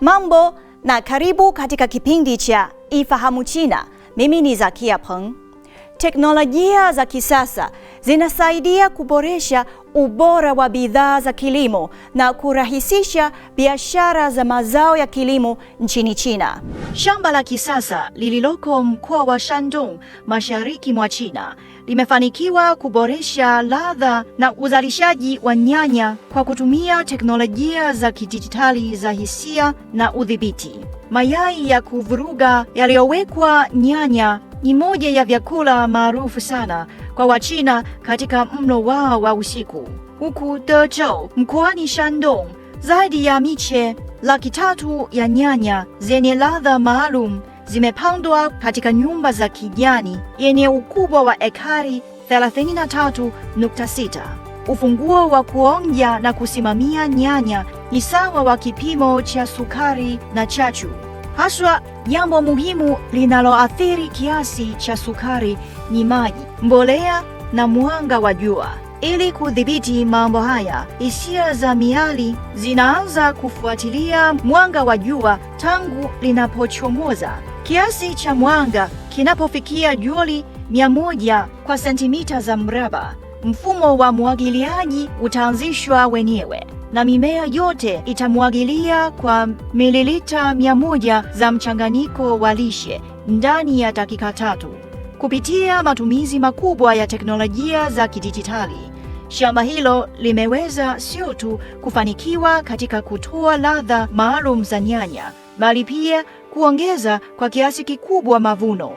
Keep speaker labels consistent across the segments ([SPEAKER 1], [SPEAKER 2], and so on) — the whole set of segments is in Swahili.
[SPEAKER 1] Mambo na karibu katika kipindi cha Ifahamu China. Mimi ni Zakia Peng. Teknolojia za kisasa zinasaidia kuboresha ubora wa bidhaa za kilimo na kurahisisha biashara za mazao ya kilimo nchini China.
[SPEAKER 2] Shamba la kisasa lililoko mkoa wa Shandong, mashariki mwa China limefanikiwa kuboresha ladha na uzalishaji wa nyanya kwa kutumia teknolojia za kidijitali za hisia na udhibiti. Mayai ya kuvuruga yaliyowekwa nyanya ni moja ya vyakula maarufu sana kwa Wachina katika mlo wao wa usiku. Huku Dezhou mkoani Shandong, zaidi ya miche laki tatu ya nyanya zenye ladha maalum zimepandwa katika nyumba za kijani yenye ukubwa wa ekari 33.6. Ufunguo wa kuonja na kusimamia nyanya ni sawa wa kipimo cha sukari na chachu. Haswa jambo muhimu linaloathiri kiasi cha sukari ni maji, mbolea na mwanga wa jua. Ili kudhibiti mambo haya, hisia za miali zinaanza kufuatilia mwanga wa jua tangu linapochomoza. Kiasi cha mwanga kinapofikia juli 100 kwa sentimita za mraba, mfumo wa mwagiliaji utaanzishwa wenyewe na mimea yote itamwagilia kwa mililita 100 za mchanganyiko wa lishe ndani ya dakika tatu. Kupitia matumizi makubwa ya teknolojia za kidijitali, shamba hilo limeweza sio tu kufanikiwa katika kutoa ladha maalum za nyanya, bali pia kuongeza kwa kiasi kikubwa mavuno.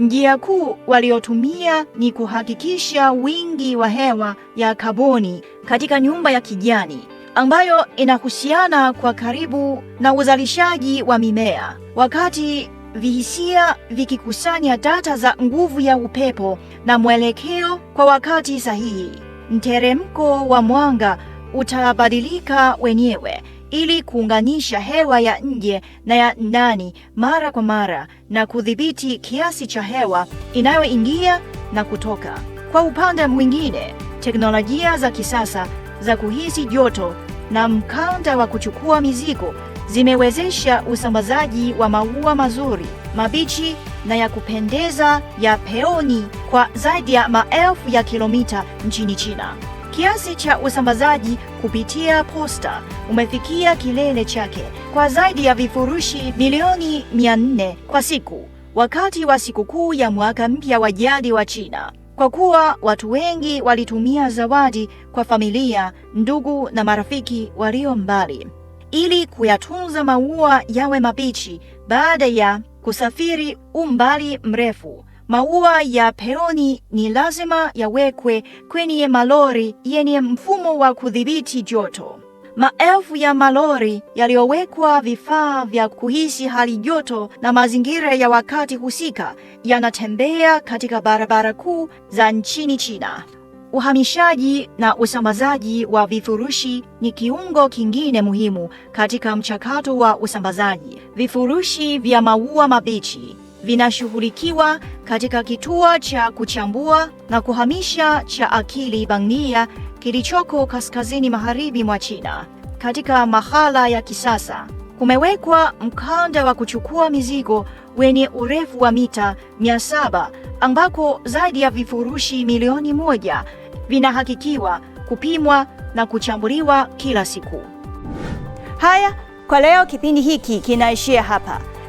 [SPEAKER 2] Njia kuu waliotumia ni kuhakikisha wingi wa hewa ya kaboni katika nyumba ya kijani ambayo inahusiana kwa karibu na uzalishaji wa mimea. Wakati vihisia vikikusanya data za nguvu ya upepo na mwelekeo kwa wakati sahihi, mteremko wa mwanga utabadilika wenyewe ili kuunganisha hewa ya nje na ya ndani mara kwa mara na kudhibiti kiasi cha hewa inayoingia na kutoka. Kwa upande mwingine, teknolojia za kisasa za kuhisi joto na mkanda wa kuchukua mizigo zimewezesha usambazaji wa maua mazuri, mabichi na ya kupendeza ya peoni kwa zaidi ya maelfu ya kilomita nchini China. Kiasi cha usambazaji kupitia posta umefikia kilele chake kwa zaidi ya vifurushi milioni 400 kwa siku wakati wa sikukuu ya mwaka mpya wa jadi wa China. Kwa kuwa watu wengi walitumia zawadi kwa familia, ndugu na marafiki walio mbali ili kuyatunza maua yawe mabichi baada ya kusafiri umbali mrefu. Maua ya peoni ni lazima yawekwe kwenye malori yenye mfumo wa kudhibiti joto. Maelfu ya malori yaliyowekwa vifaa vya kuhisi hali joto na mazingira ya wakati husika yanatembea katika barabara kuu za nchini China. Uhamishaji na usambazaji wa vifurushi ni kiungo kingine muhimu katika mchakato wa usambazaji. Vifurushi vya maua mabichi vinashughulikiwa katika kituo cha kuchambua na kuhamisha cha akili bangia kilichoko kaskazini magharibi mwa China. Katika mahala ya kisasa kumewekwa mkanda wa kuchukua mizigo wenye urefu wa mita 700 ambako zaidi ya vifurushi milioni moja vinahakikiwa kupimwa na kuchambuliwa kila siku.
[SPEAKER 1] Haya, kwa leo kipindi hiki kinaishia hapa.